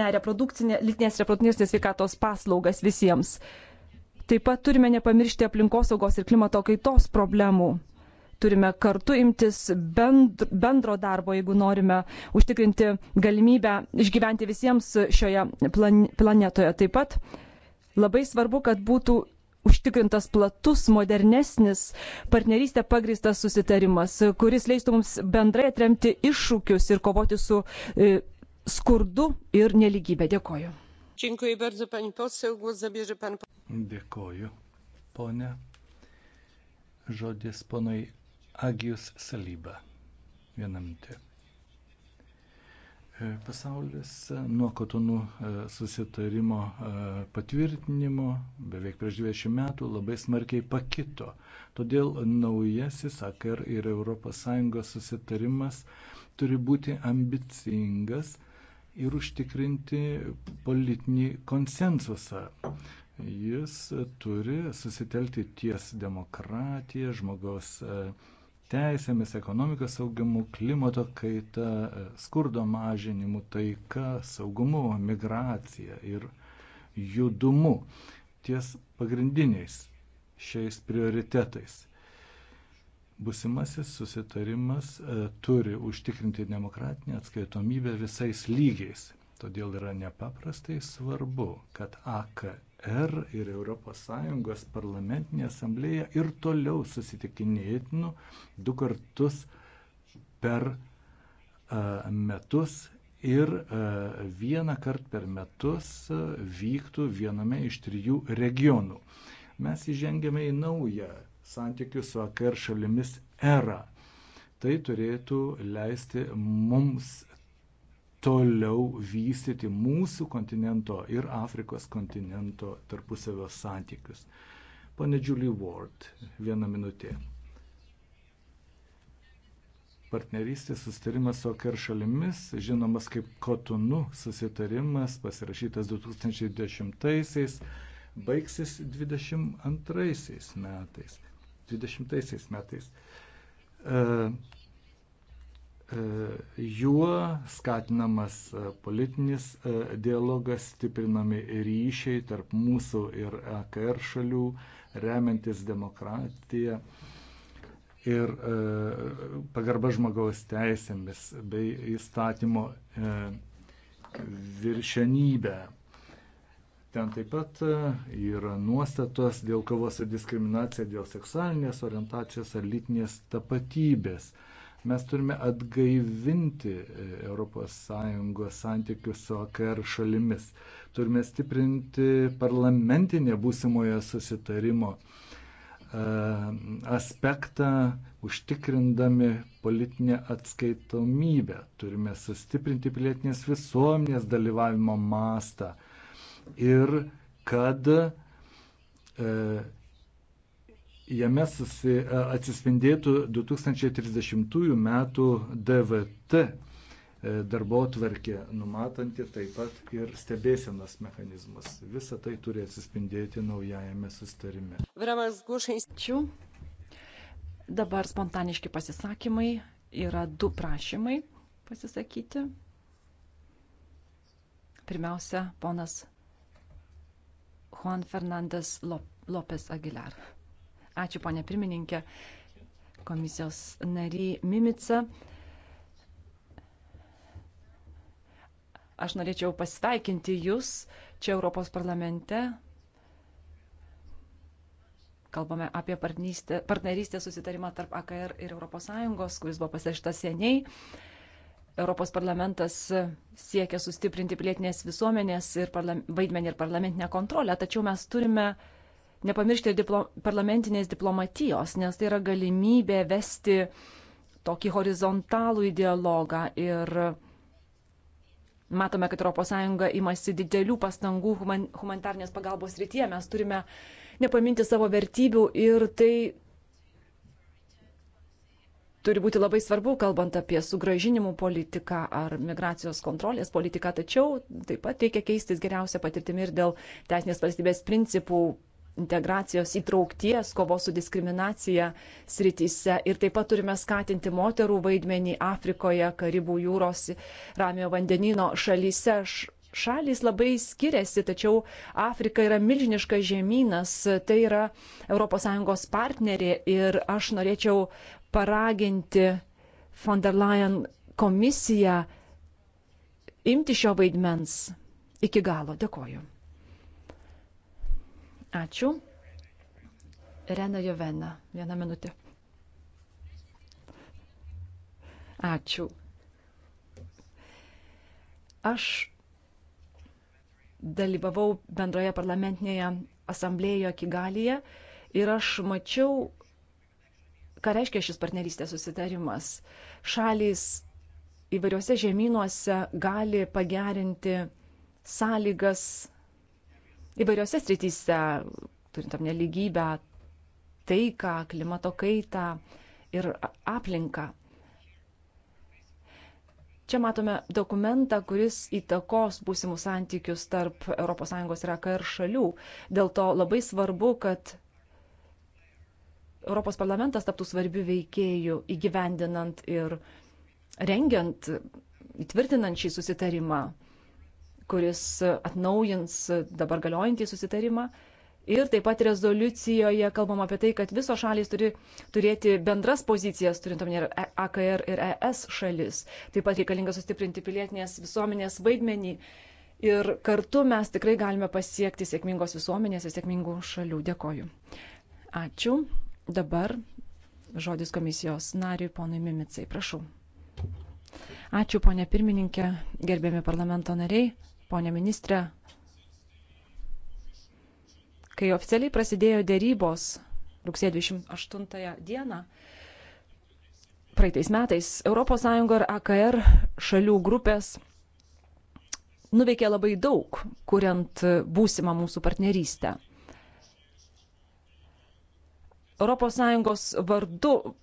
reprodukcinė, lytinės reprodukcinės sveikatos paslaugas visiems. Taip pat turime nepamiršti aplinkosaugos ir klimato kaitos problemų. Turime kartu imtis bendro darbo, jeigu norime užtikrinti galimybę išgyventi visiems šioje planetoje. Taip pat labai svarbu, kad būtų užtikrintas platus, modernesnis partnerystė pagristas susitarimas, kuris leistų mums bendrai atremti iššūkius ir kovoti su e, skurdu ir neligybė. Dėkoju. Dėkoju, ponė. Žodis ponui Agijus Salyba. Vieną minutę. E, pasaulis e, nuo kotonų e, susitarimo patvirtinimo beveik prieš 20 metų labai smarkiai pakito. Todėl naujasis AKR ir ES susitarimas turi būti ambicingas ir užtikrinti politinį konsensusą. Jis turi susitelti ties demokratija, žmogaus e, teisėmis, ekonomikos saugimu, klimato kaita, e, skurdo mažinimu, taika, saugumu, migracija ir judumu ties pagrindiniais šiais prioritetais. Busimasis susitarimas e, turi užtikrinti demokratinę atskaitomybę visais lygiais. Todėl yra nepaprastai svarbu, kad AKR ir ES parlamentinė asamblėja ir toliau susitikinėtinu du kartus per e, metus ir e, vieną kartą per metus vyktų viename iš trijų regionų. Mes įžengėme į naują santykių su AKR šalimis erą. Tai turėtų leisti mums toliau vystyti mūsų kontinento ir Afrikos kontinento tarpusavio santykius. Pane Julie Ward, vieną minutę. Partnerystės sustarimas su OKR šalimis, žinomas kaip Kotonu susitarimas, pasirašytas 2010-aisiais, baigsis 22 metais. 20 metais. E, e, juo skatinamas e, politinis dialogas, stiprinami ryšiai tarp mūsų ir AKR šalių, remiantis demokratiją ir pagarba žmogaus teisėmis bei įstatymo viršenybę. Ten taip pat e, yra nuostatos dėl kovos su diskriminacija, dėl seksualinės orientacijos ar lytinės tapatybės. Mes turime atgaivinti ES santykius su AKR šalimis. Turime stiprinti parlamentinę būsimojo susitarimo e, aspektą, užtikrindami politinę atskaitomybę. Turime sustiprinti pilietinės visuomenės dalyvavimo mastą ir kad e, jame susi, e, atsispindėtų 2030 metų DVT e, darbo tvarkė, numatanti taip pat ir stebėsenas mechanizmas. Visa tai turi atsispindėti naujajame sustarime. Ačiū. Dabar spontaniški pasisakymai. Yra du prašymai pasisakyti. Pirmiausia, ponas Juan Fernandas Lopes Aguilar. Ačiū, ponė pirmininkė, komisijos nariai Mimica. Aš norėčiau pasveikinti Jūs čia Europos parlamente. Kalbame apie partnerystės susitarimą tarp AKR ir ES, kuris buvo pasirašytas seniai. Europos parlamentas siekia sustiprinti pilietinės visuomenės ir parlam, vaidmenį ir parlamentinę kontrolę, tačiau mes turime nepamiršti diplo, parlamentinės diplomatijos, nes tai yra galimybė vesti tokį horizontalų dialogą ir matome, kad ES imasi didelių pastangų human, humanitarnės pagalbos rytyje, mes turime nepaminti savo vertybių ir tai turi būti labai svarbu, kalbant apie sugražinimų politiką ar migracijos kontrolės politiką, tačiau taip pat reikia keistis geriausią patirtimį ir dėl teisinės valstybės principų integracijos įtraukties, kovos su diskriminacija srityse. Ir taip pat turime skatinti moterų vaidmenį Afrikoje, Karibų jūros, Ramio vandenino šalyse. Šalys labai skiriasi, tačiau Afrika yra milžiniškas žemynas, tai yra ES partnerė ir aš norėčiau paraginti von der Leyen komisiją imti šio vaidmens iki galo. Dėkoju. Ačiū. Rena Jovena, vieną minutę. Ačiū. Aš dalyvavau bendroje parlamentinėje asamblėjoje Kigalyje ir aš mačiau, ką reiškia šis partnerystės susitarimas. Šalys įvairiuose žemynuose gali pagerinti sąlygas įvairiuose srityse, turintam neligybę, taiką, klimato kaitą ir aplinką. Čia matome dokumentą, kuris įtakos būsimus santykius tarp ES ir AKR šalių. Dėl to labai svarbu, kad Europos parlamentas taptų svarbių veikėjų įgyvendinant ir rengiant, įtvirtinant šį susitarimą, kuris atnaujins dabar galiojantį susitarimą. Ir taip pat rezoliucijoje kalbam apie tai, kad visos šalys turi turėti bendras pozicijas, turint omenyje AKR ir ES e šalis. Taip pat reikalinga sustiprinti pilietinės visuomenės vaidmenį. Ir kartu mes tikrai galime pasiekti sėkmingos visuomenės ir sėkmingų šalių. Dėkoju. Ačiū. Dabar žodis komisijos nariui ponui Mimicai. Prašau. Ačiū, ponė pirmininkė, gerbėmi parlamento nariai, ponė ministrė. Kai oficialiai prasidėjo dėrybos rugsėjo 28 dieną, praeitais metais ES ir AKR šalių grupės nuveikė labai daug, kuriant būsimą mūsų partnerystę. ES vardu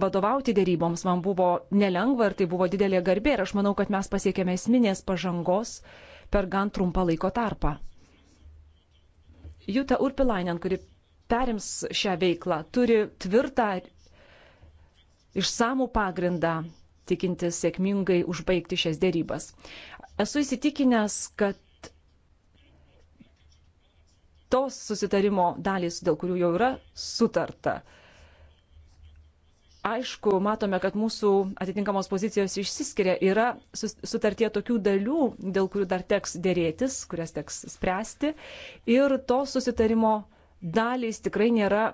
vadovauti dėryboms man buvo nelengva ir tai buvo didelė garbė ir aš manau, kad mes pasiekėme esminės pažangos per gan trumpą laiko tarpą. Juta Urpilainen, kuri perims šią veiklą, turi tvirtą išsamų pagrindą tikintis sėkmingai užbaigti šias dėrybas. Esu įsitikinęs, kad tos susitarimo dalys, dėl kurių jau yra sutarta. Aišku, matome, kad mūsų atitinkamos pozicijos išsiskiria. Yra sutartie tokių dalių, dėl kurių dar teks dėrėtis, kurias teks spręsti. Ir to susitarimo dalys tikrai nėra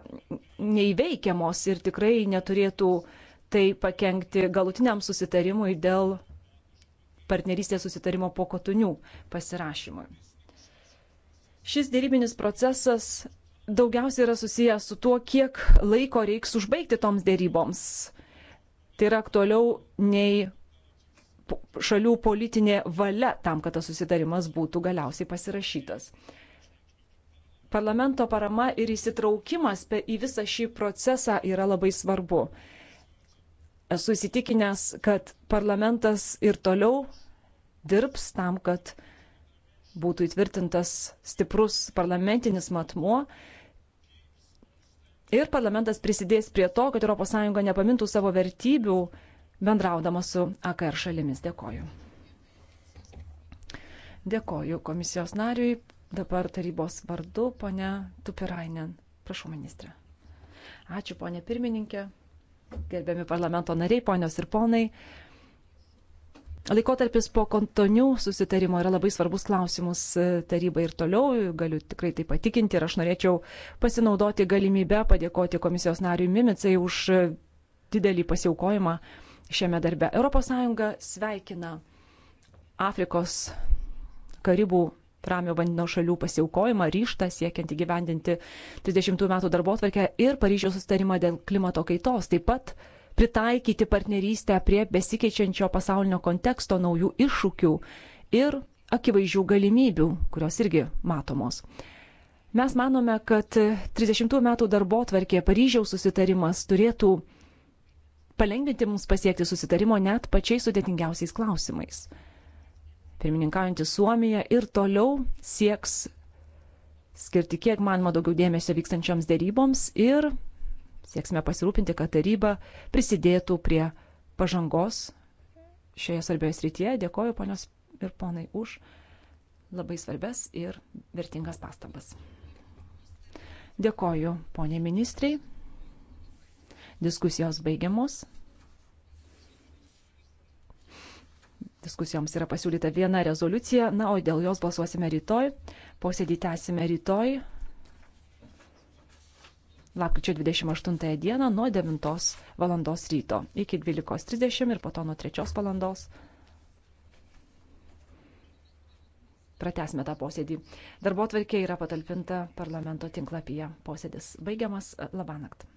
neįveikiamos ir tikrai neturėtų tai pakengti galutiniam susitarimui dėl partnerystės susitarimo po kotonių pasirašymui. Šis dėrybinis procesas daugiausiai yra susijęs su tuo, kiek laiko reiks užbaigti toms dėryboms. Tai yra aktualiau nei šalių politinė valia tam, kad tas susitarimas būtų galiausiai pasirašytas. Parlamento parama ir įsitraukimas į visą šį procesą yra labai svarbu. Esu įsitikinęs, kad parlamentas ir toliau dirbs tam, kad būtų įtvirtintas stiprus parlamentinis matmuo ir parlamentas prisidės prie to, kad ES nepamintų savo vertybių bendraudama su AKR šalimis. Dėkoju. Dėkoju komisijos nariui, dabar tarybos vardu, ponia Tupirainen. Prašau, ministrė. Ačiū, ponė pirmininkė, gerbiami parlamento nariai, ponios ir ponai. Laikotarpis po kontonių susitarimo yra labai svarbus klausimus e, tarybai ir toliau, galiu tikrai tai patikinti ir aš norėčiau pasinaudoti galimybę padėkoti komisijos nariui Mimicai už e, didelį pasiaukojimą šiame darbe. ES sveikina Afrikos, Karibų, Ramio vandenino šalių pasiaukojimą, ryštą siekiant įgyvendinti 30 metų darbo atvarkę ir Paryžiaus sustarimą dėl klimato kaitos. Taip pat pritaikyti partnerystę prie besikeičiančio pasaulinio konteksto, naujų iššūkių ir akivaizdžių galimybių, kurios irgi matomos. Mes manome, kad 30 metų darbo tvarkė Paryžiaus susitarimas turėtų palengvinti mums pasiekti susitarimo net pačiais sudėtingiausiais klausimais. Pirmininkaujantys Suomija ir toliau sieks skirti kiek manoma daugiau dėmesio vykstančioms dėryboms ir Sieksime pasirūpinti, kad taryba prisidėtų prie pažangos šioje svarbioje srityje. Dėkoju ponios ir ponai už labai svarbės ir vertingas pastabas. Dėkoju poniai ministrei. Diskusijos baigiamos. Diskusijoms yra pasiūlyta viena rezoliucija, na, o dėl jos balsuosime rytoj. Posėdį tęsime rytoj lapkričio 28 dieną nuo 9 valandos ryto iki 12.30 ir po to nuo 3 valandos. Pratesime tą posėdį. Darbo tvarkė yra patalpinta parlamento tinklapyje. Posėdis baigiamas. Labanakt.